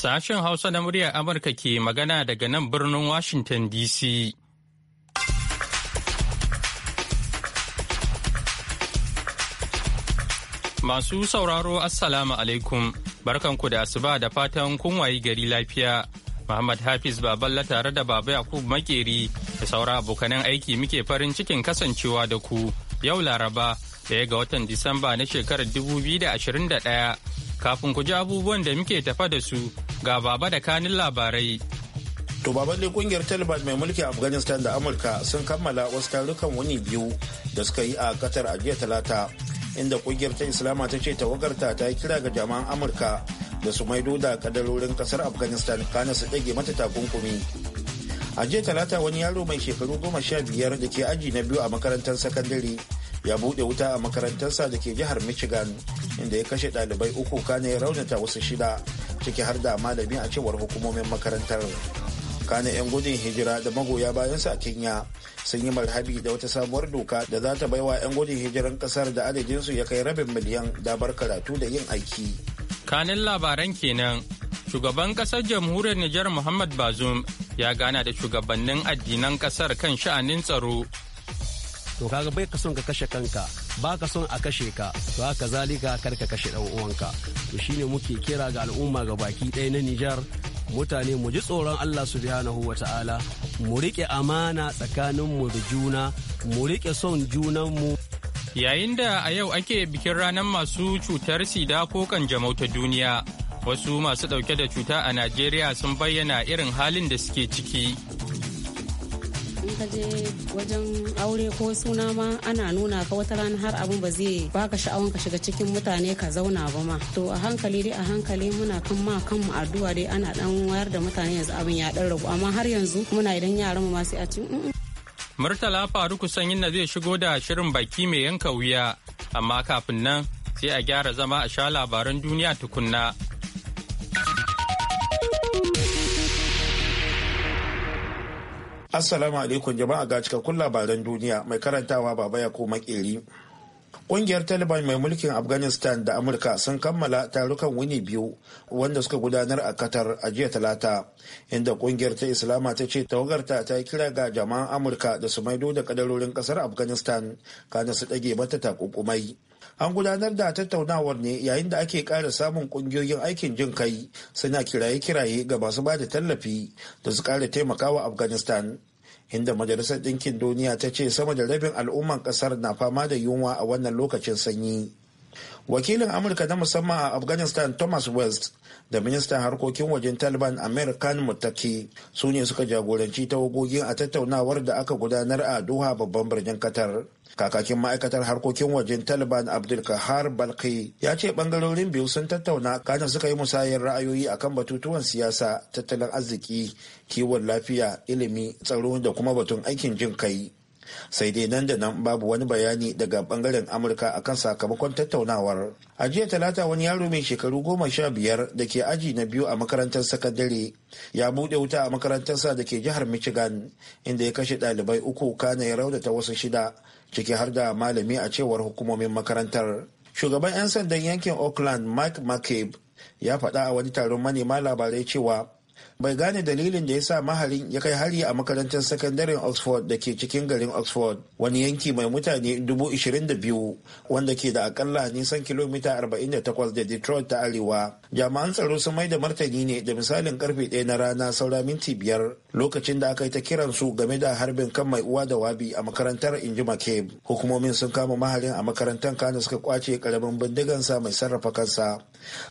Sashen Hausa na muryar Amurka ke magana daga nan birnin Washington DC. Masu sauraro Assalamu alaikum, barkanku da asuba da fatan kun gari lafiya. Muhammad Hafiz Baballa tare da Baba Yakubu Makeri da saura abokanan aiki muke farin cikin kasancewa da ku yau Laraba daya ga watan Disamba na shekarar 2021 Kafin ku ji abubuwan da muke tafa da su ga baba da kanin labarai. To baban dai kungiyar Taliban mai mulki Afghanistan da Amurka sun kammala wasu tarukan wani biyu da suka yi a Qatar a jiya talata inda kungiyar ta Islama ta ce tawagarta ta yi kira ga jama'an Amurka da su maido da kadarorin kasar Afghanistan kana su ɗage mata takunkumi. A jiya talata wani yaro mai shekaru goma sha biyar da ke aji na biyu a makarantar sakandare ya buɗe wuta a makarantarsa da ke jihar Michigan inda ya kashe ɗalibai uku kane ya raunata wasu shida ciki har da malami a cewar hukumomin makarantar kane 'yan gudun hijira da magoya bayansa a kenya sun yi marhabi da wata sabuwar doka da za ta baiwa 'yan gudun hijiran kasar da adadinsu ya kai rabin miliyan damar karatu da yin aiki kanin labaran kenan shugaban kasar jamhuriyar nijar muhammad bazum ya gana da shugabannin addinan kasar kan sha'anin tsaro to kaga bai ka son ka kashe kanka ba ka son a kashe ka to haka zalika kar ka kashe dan uwanka to shine muke kira ga al'umma ga baki ɗaya na Nijar mutane mu ji tsoron Allah subhanahu wa ta'ala mu riƙe amana tsakaninmu da juna mu rike son junan mu yayin da a yau ake bikin ranar masu cutar sida ko kanjamau ta duniya wasu masu dauke da cuta a najeriya sun bayyana irin halin da suke ciki ka je wajen aure ko suna ma ana nuna ka wata rana har abin ba zai baka sha'awan ka shiga cikin mutane ka zauna ba ma to a hankali dai a hankali muna kan ma kanmu addu'a dai ana dan wayar da mutane yanzu abin ya dan ragu amma har yanzu muna idan yaran mu ma sai a ci Murtala Faruku Sanyin na zai shigo da shirin baki mai yanka wuya amma kafin nan sai a gyara zama a sha labaran duniya tukunna. Assalamu alaikum jama'a ga cikakkun labaran duniya mai karantawa baba ya koma makeri. Ƙungiyar Taliban mai mulkin Afghanistan da Amurka sun kammala tarukan wuni biyu wanda suka gudanar a Qatar a jiya talata, inda ƙungiyar ta Islama ta ce tawagarta ta yi kira ga jama'an Amurka da su maido da kadarorin kasar Afghanistan kana su dage mata takunkumai. an gudanar da tattaunawar ne yayin da ake ƙara samun ƙungiyoyin aikin jin kai suna kiraye-kiraye ga masu ba da tallafi da su ƙara taimakawa afghanistan inda majalisar ɗinkin duniya ta ce sama da rabin al'umman ƙasar na fama da yunwa a wannan lokacin sanyi wakilin amurka na musamman a afghanistan thomas west da ministan harkokin wajen taliban amir khan mutaki su ne suka jagoranci tawagogin a tattaunawar da aka gudanar a doha babban birnin katar. kakakin ma'aikatar harkokin wajen taliban abdulkahar balki ya ce bangarorin biyu sun tattauna kana suka yi musayar ra'ayoyi akan batutuwan siyasa tattalin arziki kiwon lafiya ilimi tsaro da kuma batun aikin jin kai sai dai nan da nan babu wani bayani daga bangaren amurka akan sakamakon tattaunawar a jiya talata wani yaro mai shekaru goma sha biyar da ke aji na biyu a makarantar sakandare ya buɗe wuta a makarantarsa da ke jihar michigan inda ya kashe ɗalibai uku kana ya raunata wasu shida ciki har da malami a cewar hukumomin makarantar shugaban 'yan sandan yankin oakland mike mccabe ya faɗa a wani taron manema labarai cewa bai gane dalilin da ya sa maharin ya kai hari a makarantar sakandaren oxford da ke cikin garin oxford wani yanki mai mutane 22,000 wanda ke da akalla nisan kilomita 48 da detroit ta arewa jami'an tsaro sun mai da martani ne da misalin karfe ɗaya na rana saura minti biyar lokacin da aka yi ta kiran su game da harbin kan mai uwa da wabi a makarantar inji McCabe. Hukumomin sun kama mahalin a makarantar Kano suka kwace karamin bindigansa mai sarrafa kansa.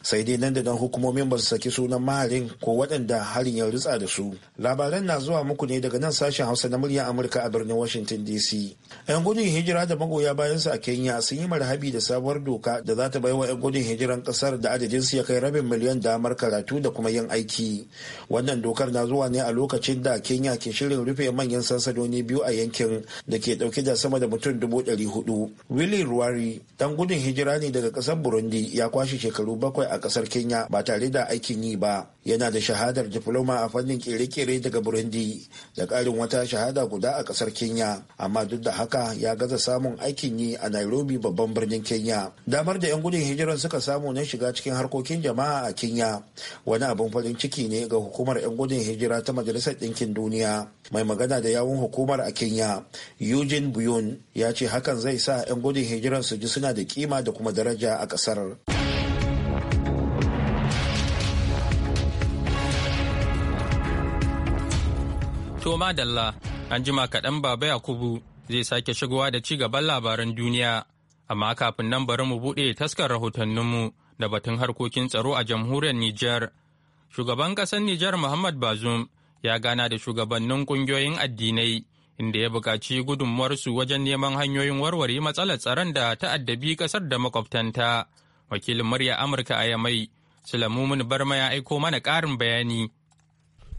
Sai dai nan da nan hukumomin ba su saki sunan mahalin ko waɗanda harin ya rutsa da su. Labaran na zuwa muku ne daga nan sashen Hausa na muryar Amurka a birnin Washington DC. 'yan gudun hijira da magoya su a kenya sun yi marhabi da sabuwar doka da za ta baiwa 'yan gudun hijiran kasar da adadin su ya kai rabin miliyan damar karatu da kuma yin aiki wannan dokar na zuwa ne a lokacin da kenya ke shirin rufe manyan sansanoni biyu a yankin da ke dauke da sama da mutum dubu ɗari hudu willy ruwari dan gudun hijira ne daga kasar burundi ya kwashe shekaru bakwai a kasar kenya ba tare da aikin yi ba yana da shahadar diploma a fannin kere-kere daga burundi da ƙarin wata shahada guda a ƙasar kenya amma duk da haka ya gaza samun aikin yi a nairobi babban birnin kenya damar da 'yan gudun hijiran suka samu na shiga cikin harkokin jama'a a kenya wani abin farin ciki ne ga hukumar 'yan gudun hijira ta majalisar ɗinkin duniya mai magana da yawun hukumar a kenya eugene buyon ya ce hakan zai sa 'yan gudun hijiran su ji suna da kima da kuma daraja a ƙasar. To madalla, an jima kaɗan baba Yakubu zai sake shigowa da ci gaban labaran duniya, amma kafin nan bari mu buɗe taskar rahotanninmu da batun harkokin tsaro a jamhuriyar Nijar. Shugaban ƙasar Nijar Muhammad Bazum ya gana da shugabannin ƙungiyoyin addinai inda ya buƙaci su wajen neman hanyoyin warware matsalar tsaron da ta'addabi ƙasar da makwabtanta. Wakilin murya Amurka a Yamai, Sulamumin Barma ya aiko mana ƙarin bayani.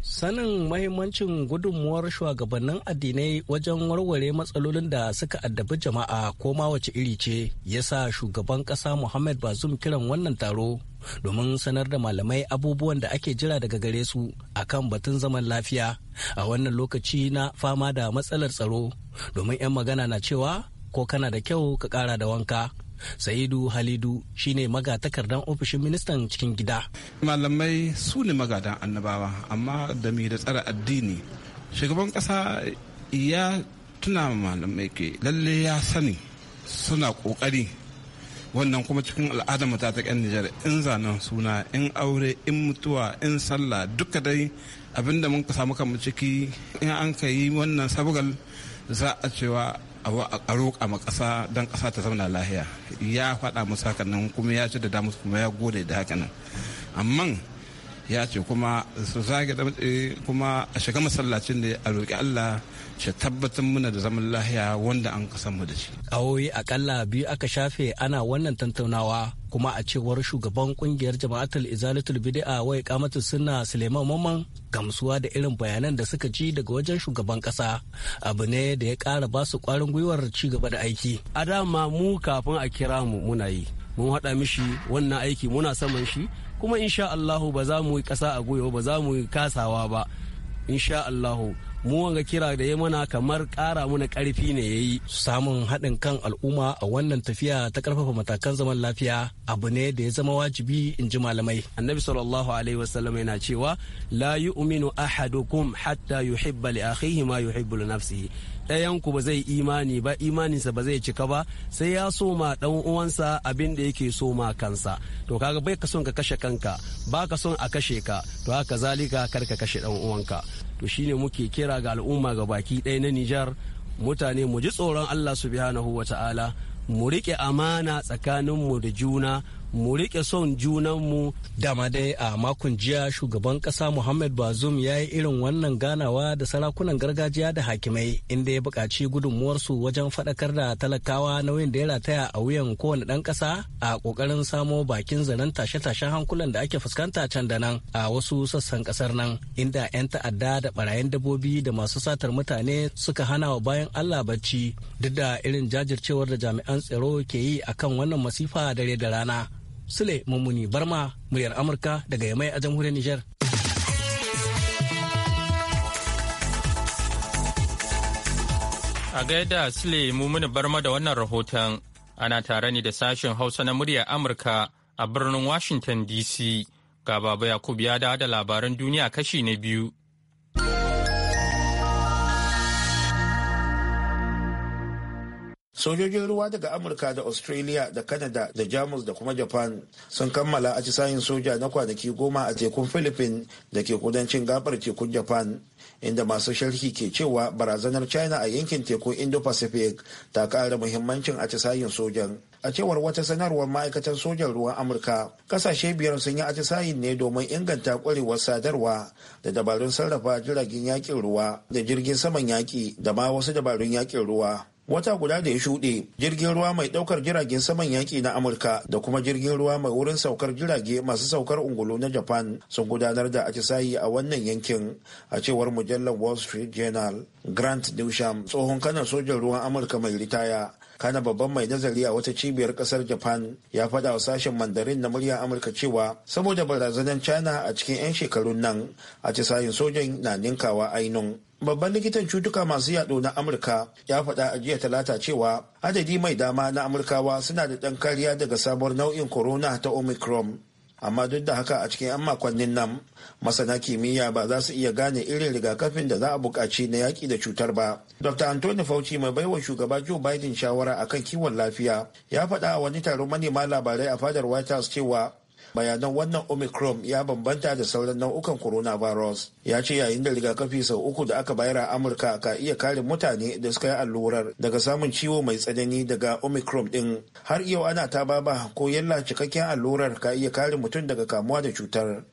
Sanin mahimmancin gudunmuwar shugabannin addinai wajen warware matsalolin da suka addabi jama'a ko ma wace iri ce ya sa shugaban ƙasa Muhammad Bazum kiran wannan taro domin sanar da malamai abubuwan da ake jira daga gare su a kan batun zaman lafiya a wannan lokaci na fama da matsalar tsaro domin 'yan magana na cewa ko kana da kyau ka ƙara da wanka. Sa'idu Halidu shine magatakardan ofishin ministan cikin gida. Malamai su ne magadan annabawa amma da mai da tsara addini. Shugaban kasa ya tuna malamai ke lalle ya sani suna kokari wannan kuma cikin al'adar mata ta ta Nijar in zanen suna in aure in mutuwa in sallah duka dai abinda mun ka samu ciki in an ka yi wannan sabgal za a cewa a roƙa ma ƙasa don ƙasa ta zauna lahiya ya faɗa musu haka nan kuma ya da musu kuma ya gode da haka nan amma ya ce kuma su zage eh, kuma a shiga masallacin da a roƙi Allah shi tabbatar muna da zaman lahiya wanda an kasan mu da shi. Awoyi akalla biyu aka shafe ana wannan tantaunawa kuma a cewar shugaban kungiyar jama'atul izalatul bid'a wai kamatu suna Suleiman Mamman gamsuwa da irin bayanan da suka ji daga wajen shugaban kasa abu ne da ya kara ba su kwarin gwiwar ci gaba da aiki. A dama mu kafin a kira mu muna yi mun haɗa mishi wannan aiki muna saman shi kuma insha Allahu ba za mu yi ƙasa a gwiwa ba za mu yi kasawa ba insha Allahu mu wanga kira da ya mana kamar ƙara mana ƙarfi ne ya yi. Samun haɗin kan al'umma a wannan tafiya ta ƙarfafa matakan zaman lafiya abu ne da ya zama wajibi in ji malamai. Annabi sallallahu alaihi wasallam yana cewa la yu'minu ahadukum hatta yuhibba li akhihi ma yuhibbu li nafsihi. ɗayanku ba zai imani ba imaninsa ba zai cika ba sai ya soma ɗan uwansa abin da yake soma kansa to kaga bai ka son ka kashe kanka ba ka son a kashe ka to haka zalika kar ka kashe ɗan uwanka to shine muke kira ga al'umma ga baki ɗaya na Nijar mutane mu ji tsoron Allah subhanahu wa ta'ala mu riƙe amana tsakanin mu da juna mu riƙe son junanmu dama dai a makon jiya shugaban ƙasa muhammad bazum ya yi irin wannan ganawa da sarakunan gargajiya da hakimai inda ya buƙaci su wajen faɗakar da talakawa nauyin da ya rataya a wuyan kowane ɗan ƙasa a ƙoƙarin samo bakin zaren tashe-tashen hankulan da ake fuskanta can da nan a wasu sassan ƙasar nan inda 'yan ta'adda da ɓarayin dabbobi da masu satar mutane suka hana wa bayan allah bacci duk da irin jajircewar da jami'an tsaro ke yi akan wannan masifa dare da rana Sule Mummuni Barma muryar Amurka daga Yamai a jamhuriyar Nijar. A gaida Sule Mummuni Barma da wannan rahoton ana tare ne da sashen Hausa na muryar Amurka a birnin Washington DC. Ga Baba Yakub ya da labaran duniya kashi na biyu. sojojin ruwa daga amurka da australia da canada da jamus da kuma japan sun kammala atisayin soja na kwanaki goma a tekun philippines da ke kudancin gabar tekun japan inda masu sharhi ke cewa barazanar china a yankin tekun indo-pacific ta kara muhimmancin atisayin sojan a cewar wata sanarwar ma'aikatan sojan ruwan amurka kasashe biyar sun yi atisayin ne domin inganta kwarewar sadarwa da dabarun sarrafa jiragen yakin ruwa da jirgin saman yaki da ma wasu dabarun yakin ruwa wata guda da ya shuɗe jirgin ruwa mai ɗaukar jiragen saman yaƙi na amurka da kuma jirgin ruwa mai wurin saukar jirage masu saukar ungulu na japan sun gudanar da atisayi a wannan yankin a cewar mujallar wall street journal grant newsham tsohon kanan sojan ruwan amurka mai ritaya kana babban mai nazari a wata cibiyar kasar japan ya faɗa wa sashen mandarin na muryar amurka cewa saboda barazanar china a cikin 'yan shekarun nan a sojan na ninkawa ainun babban likitan cutuka masu yaɗo na amurka ya faɗa a jiya talata cewa adadi mai dama na amurkawa suna da ɗan kariya daga sabuwar nau'in corona ta omicron amma duk da haka a cikin 'yan makonnin nan masana kimiyya ba za su iya gane irin rigakafin da za a buƙaci na yaƙi da cutar ba dr anthony fauci mai baiwa shugaba joe biden shawara akan kiwon lafiya ya faɗa a wani taron manema labarai a fadar white house cewa bayanan wannan omicron ya bambanta da sauran nau'ukan coronavirus ya ce yayin da rigakafi sau uku da aka bayar a amurka ka iya kare mutane da suka yi allurar daga samun ciwo mai tsanani daga omicron din har yau ana ta baba ko yalla cikakken allurar ka iya kare mutum daga kamuwa da cutar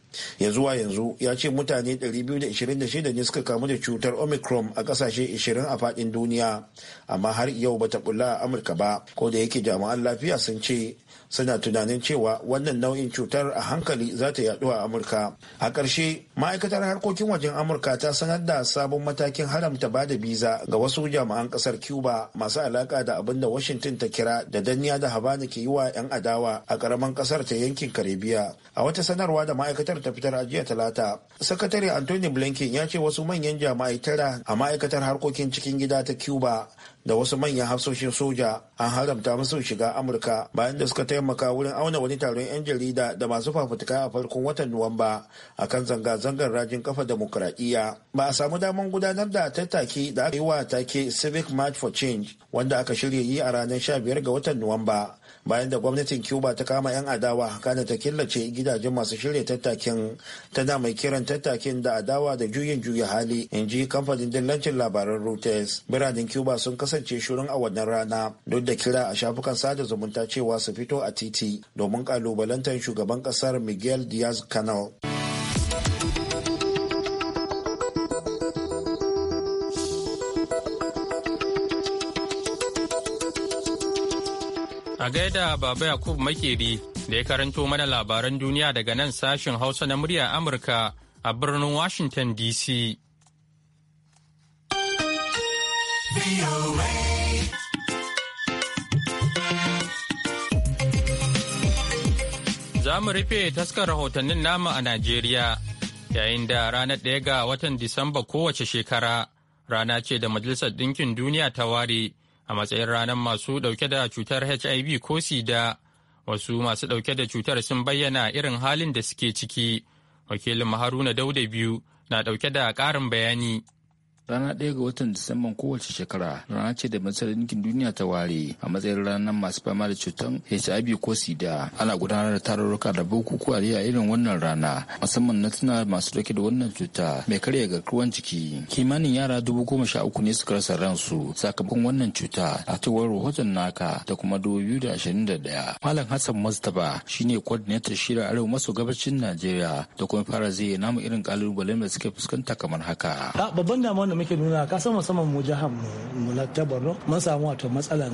ya zuwa yanzu ya ce mutane 226 ne suka kamu da cutar omicron a kasashe 20 a faɗin duniya amma har yau bata bulla a amurka ba ko da yake jami'an lafiya sun ce suna tunanin cewa wannan nau'in cutar a hankali za ta yaɗu a amurka a ƙarshe ma'aikatar harkokin wajen amurka ta sanar da sabon matakin haramta ba da biza ga wasu jami'an ƙasar cuba masu alaƙa da abin da washington ta kira da danniya da habana ke yi wa 'yan adawa a ƙaramin ƙasar ta yankin karibiya a wata sanarwa da ma'aikatar ta fitar a jiya talata sakatare anthony blinken ya ce wasu manyan jami'ai tara a ma'aikatar harkokin cikin gida ta cuba da wasu manyan hafsoshin soja an haramta musu shiga amurka bayan da suka taimaka wurin auna wani taron 'yan jarida da masu fafutuka a farkon watan nuwamba a kan zanga-zangar rajin kafa demokuraɗiyya ba a samu daman gudanar da tattaki da aka yi wa take civic march for change wanda aka shirya yi a ranar 15 ga watan nuwamba bayan da gwamnatin cuba ta kama 'yan adawa kana ta killace gidajen masu shirya tattakin tana mai kiran tattakin da adawa da juyin juya hali in ji kamfanin dillancin labaran reuters biranen cuba sun kasance shirin a wannan rana duk da kira a shafukan sada zumunta cewa su fito a titi domin kalubalantar shugaban kasar miguel diaz canal A gaida Baba Yakub Makeri da ya karanto mana labaran duniya daga nan sashen Hausa na murya Amurka a birnin Washington DC. Za mu rufe taskar rahotannin nama a Najeriya yayin da ranar ɗaya ga watan Disamba kowace shekara rana ce da Majalisar Ɗinkin Duniya ta ware a matsayin ranar masu ɗauke da cutar hiv ko sida wasu masu ɗauke da cutar sun bayyana irin halin da suke ciki wakilin haruna dauda biyu na ɗauke da ƙarin bayani Rana ɗaya ga watan Disamban kowace shekara rana ce da matsalar Ɗinkin Duniya ta ware a matsayin ranar masu fama da cutar HIV ko SIDA. Ana gudanar da tarurruka da bukukuwa a irin wannan rana musamman na tuna masu dauke da wannan cuta mai karya garkuwan jiki. Kimanin yara dubu goma sha uku ne suka rasa ransu sakamakon wannan cuta a cewar rahoton naka da kuma dubu biyu da ashirin da ɗaya. Malam Hassan Mustapha shine coordinator shirin arewa maso gabashin Najeriya da kuma fara zai namu irin kalubalen da suke fuskanta kamar haka. Babban muke nuna kasan musamman mu jihar mu na tabarro mun samu wato matsalan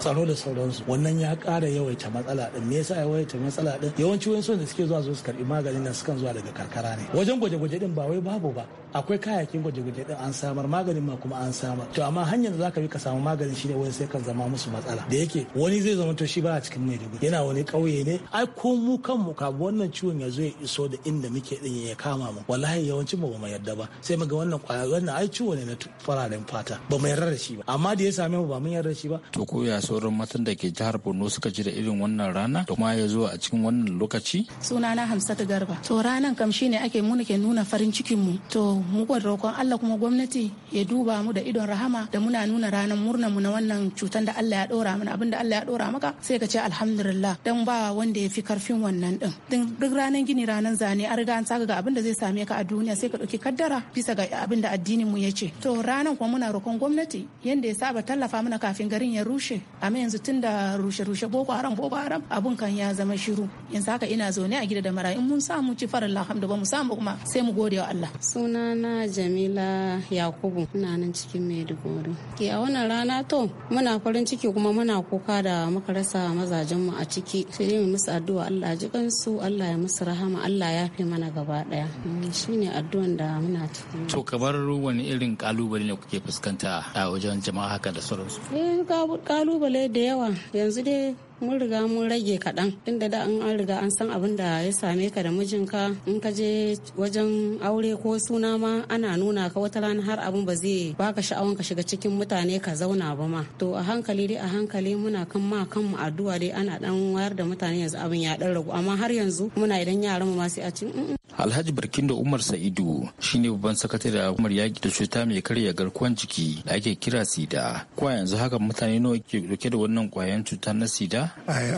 tsaro da sauransu wannan ya kara yawaita matsala din me yasa yawaita matsala din yawanci wani da suke zuwa su karbi maganin nan sukan zuwa daga karkara ne wajen gwaje-gwaje din ba wai babu ba akwai kayayyakin gwaje-gwaje din an samar maganin ma kuma an samar to amma hanyar da zaka bi ka samu maganin shine wani sai kan zama musu matsala da yake wani zai zama to shi ba a cikin Maiduguri yana wani kauye ne ai ko mu kanmu ka wannan ciwon ya zo ya iso da inda muke din ya kama mu wallahi yawancin mu ba mu yarda ba sai mu ga wannan kwaya wannan ai ciwo ne na fararen fata ba mu yarda da shi ba amma da ya same mu ba mun yarda da shi ba to ko ya sauran matan da ke jihar Borno suka ji da irin wannan rana to kuma ya zo a cikin wannan lokaci sunana Hamsatu Garba to ranan kam shine ake muna ke nuna farin cikin mu to mugun roƙon Allah kuma gwamnati ya duba mu da idon rahama da muna nuna ranar murnar mu na wannan cutar da Allah ya ɗora mana abinda Allah ya ɗora maka sai ka ce alhamdulillah dan ba wanda ya fi karfin wannan din duk ranar gini ranar zane an riga an saka ga abin da zai same ka a duniya sai ka dauki kaddara bisa ga abinda addinin mu ya ce to ranar kuma muna roƙon gwamnati yanda ya saba tallafa mana kafin garin ya rushe amma yanzu tun rushe-rushe boko haram boko haram abun kan ya zama shiru yanzu haka ina zaune a gida da marayu mun samu ci farin alhamdu ba mu samu kuma sai mu gode wa Allah suna sunana Jamila Yakubu muna nan cikin Maiduguri. Ke a wannan rana to muna farin ciki kuma muna kuka da muka rasa mazajen mu a ciki. Sai mu musu addu'a Allah ji kansu, Allah ya musu rahama, Allah ya fi mana gaba daya. Mm, shine addu'an da muna ciki. To kamar wani irin kalubale ne kuke fuskanta a wajen jama'a haka da sauransu? Eh kalubale da yawa yanzu dai mun riga mun rage kaɗan inda da an riga an san abin da ya same ka da mijinka in ka je wajen aure ko suna ma ana nuna ka wata rana har abin ba zai baka sha'awan ka shiga cikin mutane ka zauna ba ma to a hankali dai a hankali muna kan ma kanmu addu'a dai ana dan wayar da mutane yanzu abin ya dan ragu amma har yanzu muna idan yaran mu ma sai a ci mm, mm. Alhaji Barkindo Umar Sa'idu shine babban sakatare da Umar yaki da cuta mai karya garkuwan jiki da ake kira sida ko yanzu haka mutane nawa ke dauke da wannan kwayan cuta na sida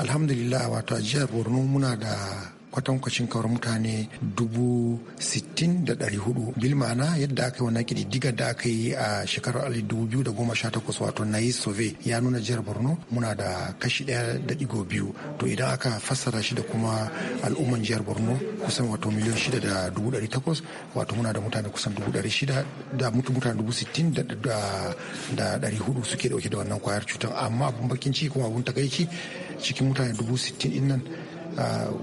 alhamdulillah wato a jihar borno muna da kwatankwacin kawar mutane dubu sittin da ɗari hudu bil ma'ana yadda aka yi wannan ƙididdigar da aka yi a shekarar alif dubu biyu da goma sha takwas wato na yi sove ya nuna jihar borno muna da kashi ɗaya da ɗigo biyu to idan aka fassara shi da kuma al'umman jihar borno kusan wato miliyan shida da dubu ɗari takwas wato muna da mutane kusan dubu ɗari shida da mutu mutane dubu sittin da ɗari hudu suke ɗauke da wannan kwayar cutar amma abun bakin ciki kuma abun takaici cikin mutane dubu sittin nan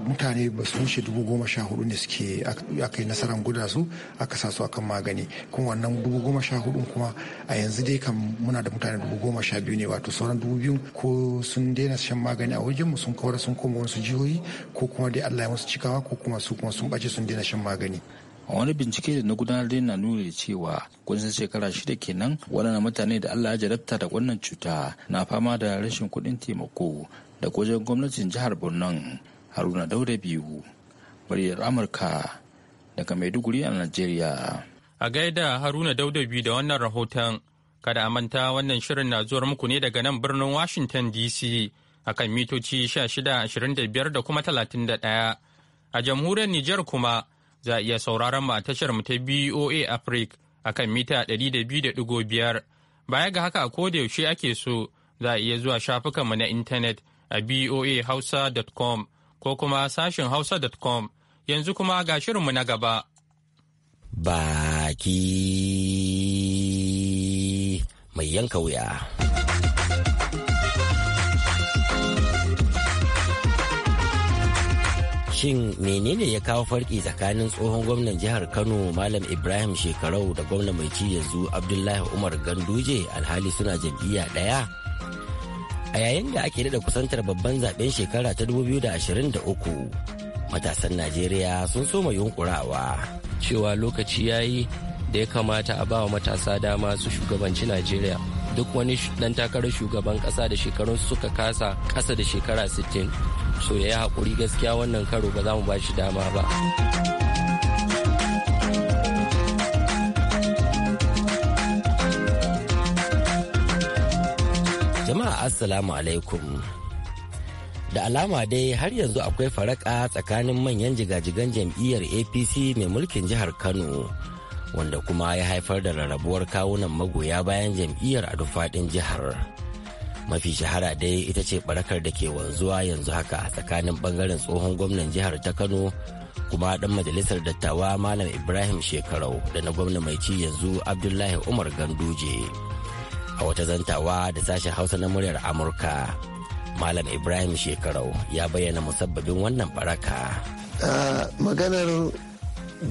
mutane ba su wuce dubu goma sha hudu ne suke aka yi nasarar guda su aka sa su akan magani kuma wannan dubu goma sha hudu kuma a yanzu dai kam muna da mutane dubu goma sha biyu ne wato sauran dubu biyu ko sun daina shan magani a wajenmu sun kawar sun koma wasu jihohi ko kuma dai Allah ya musu cikawa ko kuma su kuma sun ɓace sun daina shan magani. a wani bincike da na gudanar da na nuna da cewa kusan shekara shida kenan waɗannan mutane da allah ya jarabta da wannan cuta na fama da rashin kuɗin taimako da wajen gwamnatin jihar borno haruna dauda biyu muryar amurka daga maiduguri a najeriya a gaida haruna dauda biyu da wannan rahoton kada a manta wannan shirin na zuwar muku ne daga nan birnin washington dc a kan mitoci 1625 da kuma 31 a jamhuriyar niger kuma za a iya sauraron mu a tashar mu ta boa africa a kan mita 200.5 baya ga haka a yaushe ake so za a iya zuwa shafukanmu na intanet a boahausa.com ko kuma sashin hausa.com yanzu kuma ga shirinmu na gaba. Baki mai yanka wuya. Shin menene ya kawo farki tsakanin tsohon gwamnan jihar Kano Malam Ibrahim Shekarau da gwamna mai ci yanzu Abdullahi Umar Ganduje alhali suna jam'iyya ɗaya? a yayin da ake daɗa kusantar babban zaben shekara ta 2023 matasan najeriya sun soma yunkurawa cewa lokaci ya yi da ya kamata a bawa matasa dama su shugabanci najeriya duk wani dan takarar shugaban kasa da shekarun suka kasa kasa da shekara 60 so ya yi haƙuri gaskiya wannan karo ba za mu ba shi dama ba. Jama'a Assalamu alaikum. Da alama dai har yanzu akwai faraka tsakanin manyan jigajigan jam'iyyar APC mai mulkin jihar Kano, wanda kuma ya haifar da rarrabuwar kawunan magoya bayan jam'iyyar a dufaɗin jihar. Mafi shahara dai ita ce barakar da ke wanzuwa yanzu haka tsakanin bangaren tsohon gwamnan jihar ta Kano kuma ɗan majalisar dattawa Malam Ibrahim Shekarau da na gwamna mai ci yanzu Abdullahi Umar Ganduje. a wata zantawa da sashen hausa na muryar amurka malam ibrahim shekarau ya bayyana musabbabin wannan baraka maganar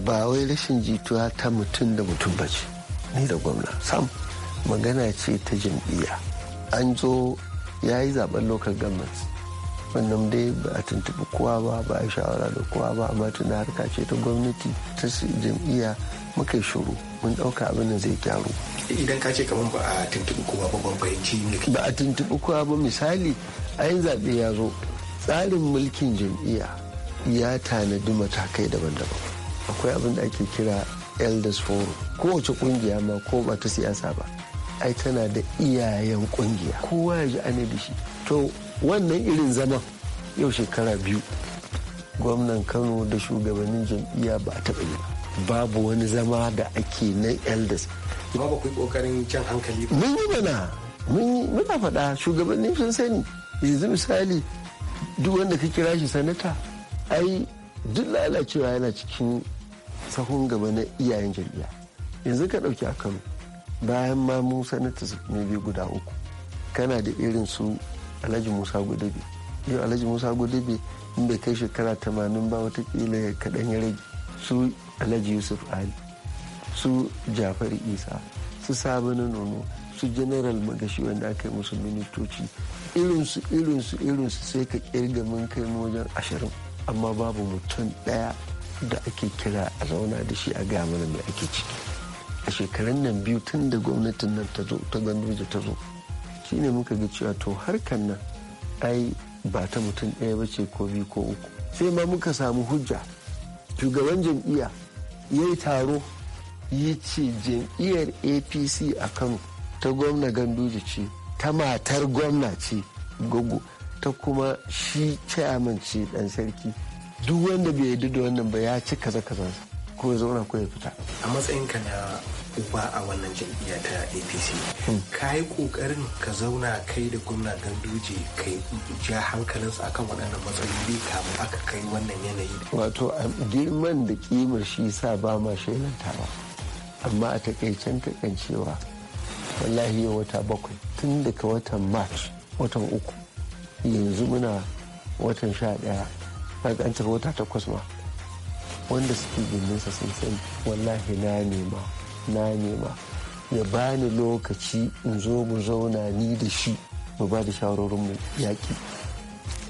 ba wai rashin jituwa ta mutum da mutum ba ce ni da gwamna sam magana ce ta jam'iyya an zo ya yi zaben local government wannan dai ba a tuntuɓi kowa ba ba a shawara da kowa ba amma tuna harka ce ta gwamnati ta jam'iyya muka yi shuru mun ɗauka abin da zai gyaru idan ka ce kamar ba a tuntuɓi kowa ba ban fahimci ne ba a tuntuɓi kowa ba misali a yin zaɓe ya zo tsarin mulkin jam'iyya ya tanadi matakai daban-daban akwai abin da ake kira elders forum kowace kungiya ma ko ba ta siyasa ba ai tana da iyayen kungiya kowa ya ji ana da shi to wannan irin zaman yau shekara biyu gwamnan kano da shugabannin jam'iyya ba a taɓa yi ba babu wani zama da ake na elders babu ba kokarin jan hankali ba mun yi mana mun yi muna faɗa shugabannin sun sani yanzu misali duk wanda ka kira shi sanata ai duk lalacewa yana cikin sahun gaba na iyayen jam'iyya yanzu ka ɗauki a kano bayan ma mun sanata ne biyu guda uku kana da irin su alhaji musa godebe yau alhaji musa godebe inda bai kai shekara tamanin ba watakila kaɗan ya rage su alhaji yusuf ali su jafar isa su sabani nono su general magashi wanda aka yi musu minitoci irinsu irinsu irinsu sai ka kirga mun kai wajen ashirin amma babu mutum ɗaya da ake kira a zauna da shi a gaya mana mai ake ciki a shekarun nan biyu tun da gwamnatin nan ta zo ta gandoji ta zo shine muka ga cewa to harkan nan ai ba ta mutum ɗaya ba ce ko biyu ko uku sai ma muka samu hujja shugaban jam'iyya ya yi taro yi ce jam'iyyar apc a kano ta gwamna ganduje ce ta matar gwamna ce gogo ta kuma shi chairman ce dan sarki duk wanda bai yi da wannan ba ya ci kaza kaza ko ya zauna ko ya fita a matsayinka na uba a wannan jam'iyya ta apc hmm. ka yi kokarin ka zauna kai da gwamna ganduje kai ja hankalinsa akan waɗannan matsaloli kamar aka kai wannan yanayi wato girman da kimar shi sa ba ma shelanta ba amma a takaicen takancewa wallahi yau wata bakwai tun daga watan march watan uku yanzu muna watan sha ɗaya ƙanƙantar wata takwas ma wanda suke gindinsa sun san wallahi na nema na nema ya bani lokaci in zo mu zauna ni da shi mu ba da shawarorin mu yaƙi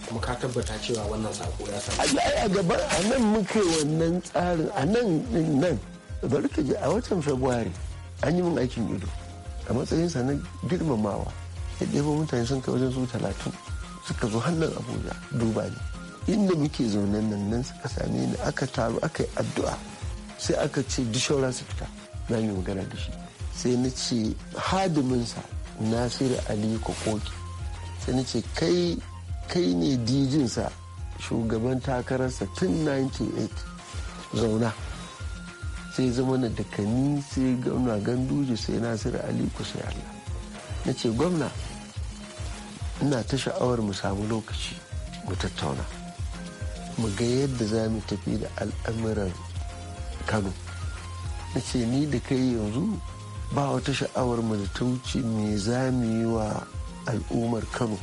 kuma ka tabbata cewa wannan sako ya samu a gaba a nan muke wannan tsarin a nan din nan bari ka ji a watan february an yi min aikin ido a matsayin sa na girmamawa yadda ba mutane sun kai wajen su talatin suka zo hannun abuja duba ne inda muke zaune nan nan suka same ni aka taru aka yi addu'a sai aka ce duk su fita na yi magana da shi sai na ce hadiminsa nasiru ali kokoki sai na ce kai kai ne dijinsa shugaban takararsa tun 1980 zauna sai zama na dakani sai gwamna ganduje sai nasiru ali sai allah na ce gwamna ina ta sha'awar mu samu lokaci mu tattauna mu ga yadda za mu tafi da al'amuran kano na ce ni da kai yanzu ba wata sha'awar mu da ta wuce me za mu yi wa al'ummar kano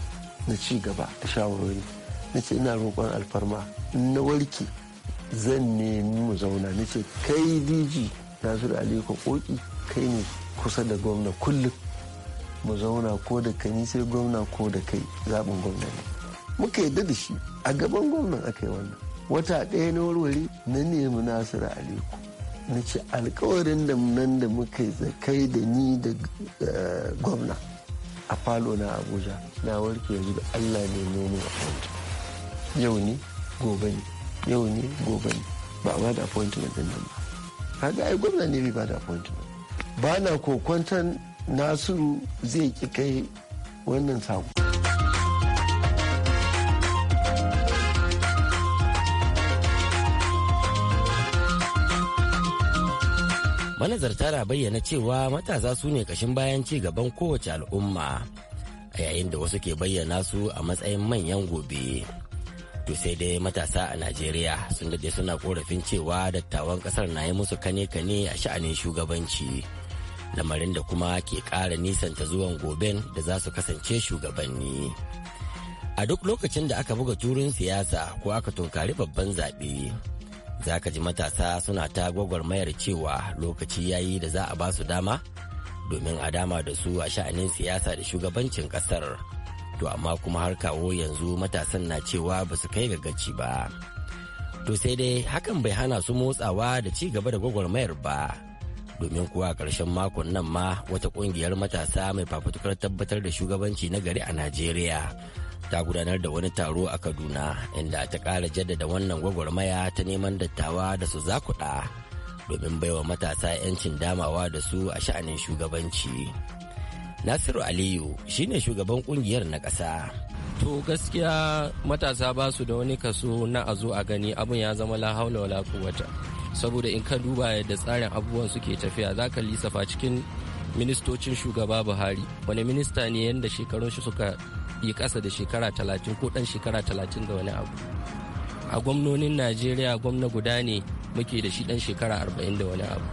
na ci gaba da shawarwari na ce ina roƙon alfarma na warke zan nemi mu zauna na ce kai dj nasiru aliko koki kai ne kusa da gwamna kullum mu zauna ko da kani sai gwamna ko da kai zaɓin gwamna ne muka yadda da shi a gaban gwamnan aka yi wannan wata ɗaya na warware na nemi nasiru aliko na ce alkawarin da nan da muka yi kai da ni da gwamna a falo na abuja na warke yanzu da allah ne nemi appointment yau ne gobe ne yau ne gobe ne ba a bada appointment din nan ba kaga ai gwamna ne bai bada appointment ba na kokwantan nasiru zai ki kai wannan sako Manazar tara bayyana cewa matasa su ne kashin bayan ci gaban kowace al'umma a yayin da wasu ke bayyana su a matsayin manyan gobe to sai dai matasa a najeriya sun dade suna korafin cewa dattawan kasar na yi musu kane-kane a sha'anin shugabanci lamarin da kuma ke ƙara nisanta zuwan goben da za su kasance shugabanni a duk lokacin da aka buga turin siyasa ko aka tunkari babban zaɓe za ka ji matasa suna ta gwagwarmayar cewa lokaci ya yi da za a ba su dama domin a dama da su a sha'anin siyasa da shugabancin kasar to amma kuma har kawo yanzu matasan na cewa ba su kai gagaci ba to sai dai hakan bai hana su motsawa da ci gaba da gwagwarmayar ba domin kuwa karshen makon nan ma wata ƙungiyar matasa mai fafutukar tabbatar da shugabanci na gari a najeriya ta gudanar da wani taro a kaduna inda ta kara jaddada wannan gwagwarmaya ta neman dattawa da su zakuɗa domin baiwa matasa 'yancin damawa da su a sha'anin shugabanci nasiru aliyu shine shugaban kungiyar na ƙasa to gaskiya matasa ba su da wani kaso na a zo a gani abin ya zama lahaula wala quwwata saboda in ka duba yadda tsarin abubuwan suke tafiya za ka lissafa cikin ministocin shugaba buhari wani minista ne yadda shekarun shi suka yi kasa da shekara talatin ko dan shekara talatin da wani abu a gwamnonin najeriya gwamna guda ne muke da shi ɗan shekara arba'in da wani abu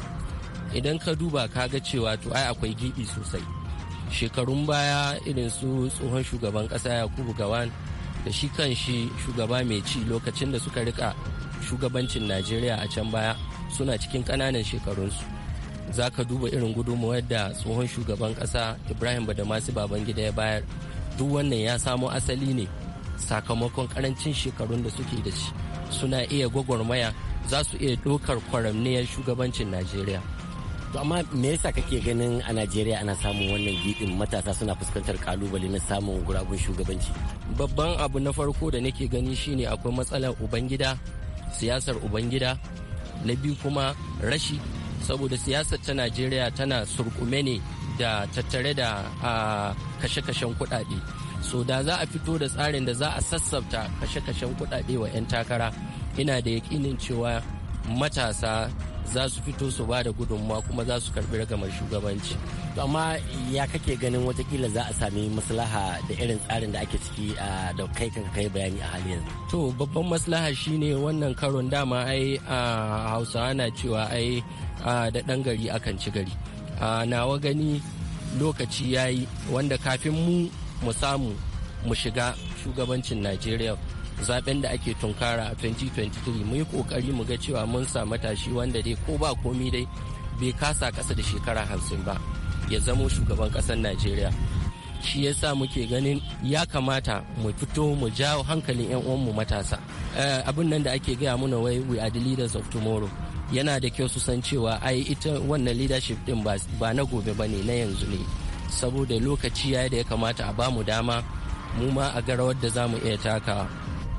idan ka duba ka ga cewa to ai akwai gibi sosai shekarun baya irin su tsohon shugaban ƙasa yakubu gawan da shi kan shi shugaba mai ci lokacin da suka rika shugabancin najeriya a can baya suna cikin ƙananan shekarunsu za ka duba irin gudunmawar da tsohon shugaban ƙasa ibrahim badamasi babangida ya bayar duk wannan ya samo asali ne sakamakon karancin shekarun da suke da shi suna iya gwagwarmaya za su iya dokar kwaramniyar shugabancin najeriya to amma me yasa kake ganin a najeriya ana samun wannan gidin matasa suna fuskantar kalubale na samun gurabun shugabanci babban abu na farko da nake gani shine akwai matsalar ubangida siyasar ubangida na biyu kuma rashi saboda siyasar ta najeriya tana surkume ne da tattare da ah, kashe-kashen kuɗaɗe so da za a fito da tsarin da za a sassabta kashe-kashen kuɗaɗe wa 'yan takara ina da yakinin cewa matasa za su fito su ba da gudunmawa kuma za su karbi ragamar shugabanci. amma ya kake ganin watakila za a sami maslaha da irin tsarin da ake ciki da kai kan kai bayani a halin yanzu. to babban maslaha shine wannan karon dama ai a hausawa na cewa ai da ɗan gari akan ci gari nawa gani lokaci ya yi wanda kafin mu mu samu mu shiga shugabancin najeriya zaben da ake tunkara a 2023 mu yi kokari mu ga cewa mun sa matashi wanda dai ko ba komi dai bai kasa kasa da shekara hamsin ba ya zamo shugaban kasar najeriya shi ya sa muke ganin ya kamata mu fito mu jawo hankalin 'yan uwanmu matasa eh, abin nan da ake gaya muna wai we are the leaders of tomorrow yana da kyau su san cewa ai ita wannan leadership din ba na gobe ba ne na yanzu ne saboda lokaci ya da ya kamata a bamu dama mu ma a ga rawar da za mu iya takawa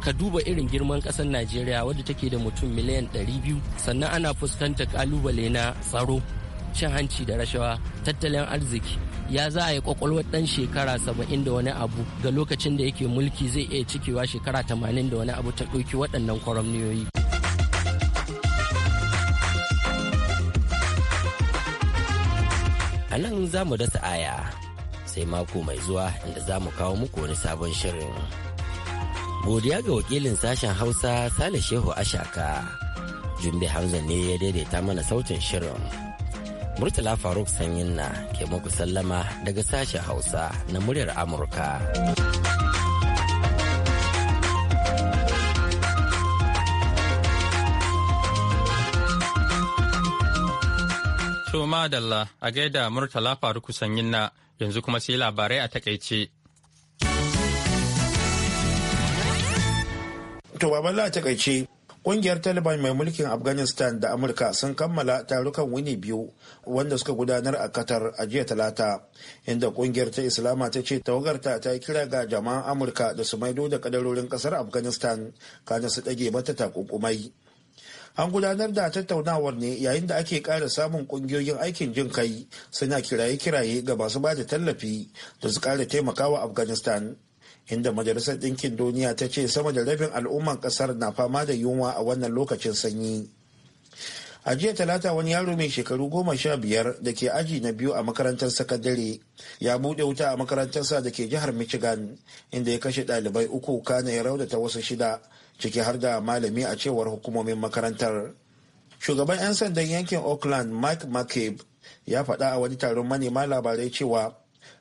ka duba irin girman kasar najeriya wadda take da mutum miliyan 200 sannan ana fuskantar kalubale na tsaro cin hanci da rashawa tattalin arziki ya za a yi kwakwalwar dan shekara saba'in da wani abu ga lokacin da yake mulki zai iya cikewa shekara tamanin da wani abu ta ɗauki waɗannan kwaramniyoyi. a nan za mu dasa aya sai mako mai zuwa inda za mu kawo muku wani sabon shirin. Godiya ga wakilin sashen Hausa Sale Shehu Ashaka, Jumbe Hamza ne ya daidaita mana sautin shirin. Murtala Faruk Sanyinna ke muku sallama daga sashen Hausa na muryar Amurka. To madalla a gaida Murtala Faruku Sanyin na yanzu kuma sai labarai a takaice. To baballa a takaice kungiyar Taliban mai mulkin Afghanistan da Amurka sun kammala tarukan wuni biyu wanda suka gudanar a Qatar a jiya talata, inda kungiyar ta Islama ta ce tawagarta ta yi kira ga jama'an Amurka da su maido da kadarorin kasar Afghanistan kana su dage mata takunkumai. an gudanar da tattaunawar ne yayin da ake ƙara samun ƙungiyoyin aikin jin kai suna kiraye-kiraye ga masu ba da tallafi da su ƙara taimakawa afghanistan inda majalisar ɗinkin duniya ta ce sama da rabin al'umman ƙasar na fama da yunwa a wannan lokacin sanyi a jiya talata wani yaro mai shekaru goma sha biyar da ke aji na biyu a makarantar sakandare ya buɗe wuta a makarantarsa da ke jihar michigan inda ya kashe ɗalibai uku kana ya raunata wasu shida ciki har da malami a cewar hukumomin makarantar shugaban 'yan sandan yankin auckland mike mccabe ya faɗa a wani taron manema labarai cewa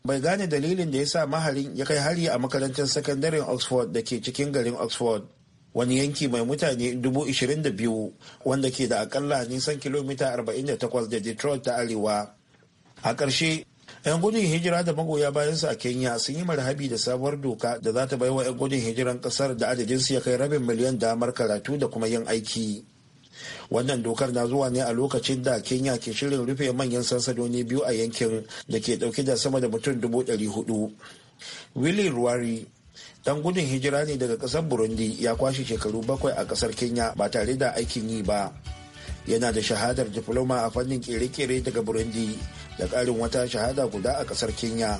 bai gane dalilin da ya sa maharin ya kai hari a makarantar sakandaren oxford da ke cikin garin oxford wani yanki mai mutane 22,000 wanda ke da akalla nisan kilomita 48 da detroit ta arewa a ƙarshe 'yan gudun hijira da magoya bayansu a kenya sun yi marhabi da sabuwar doka da za ta baiwa 'yan gudun hijiran kasar da adadinsu ya kai rabin miliyan damar karatu da kuma yin aiki wannan dokar na zuwa ne a lokacin da kenya ke shirin rufe manyan sansanoni biyu a yankin da ke dauke da sama da mutum dubu ɗari hudu willy ruwari dan gudun hijira ne daga kasar burundi ya kwashe shekaru bakwai a kasar kenya ba tare da aikin yi ba yana da shahadar diploma a fannin kere-kere daga burundi da ƙarin wata shahada guda a ƙasar kenya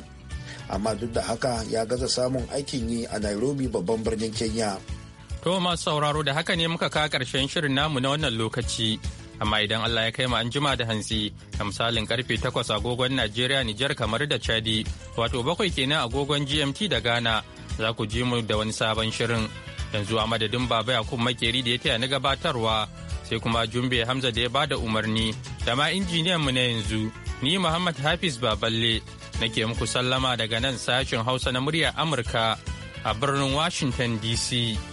amma duk da haka ya gaza samun aikin yi a nairobi babban birnin kenya to masu sauraro da haka ne muka kawo ƙarshen shirin namu na wannan lokaci amma idan allah ya kai mu an jima da hantsi a misalin karfe 8 agogon najeriya nijar kamar da chadi wato bakwai kenan agogon gmt da ghana za ku ji mu da wani sabon shirin yanzu a madadin baba yakub makeri da ya taya na gabatarwa sai kuma jumbe hamza da ya bada umarni da ma injiniyan mu na yanzu Ni Muhammad Hafiz Baballe nake muku sallama daga nan sashin Hausa na murya Amurka a birnin Washington DC.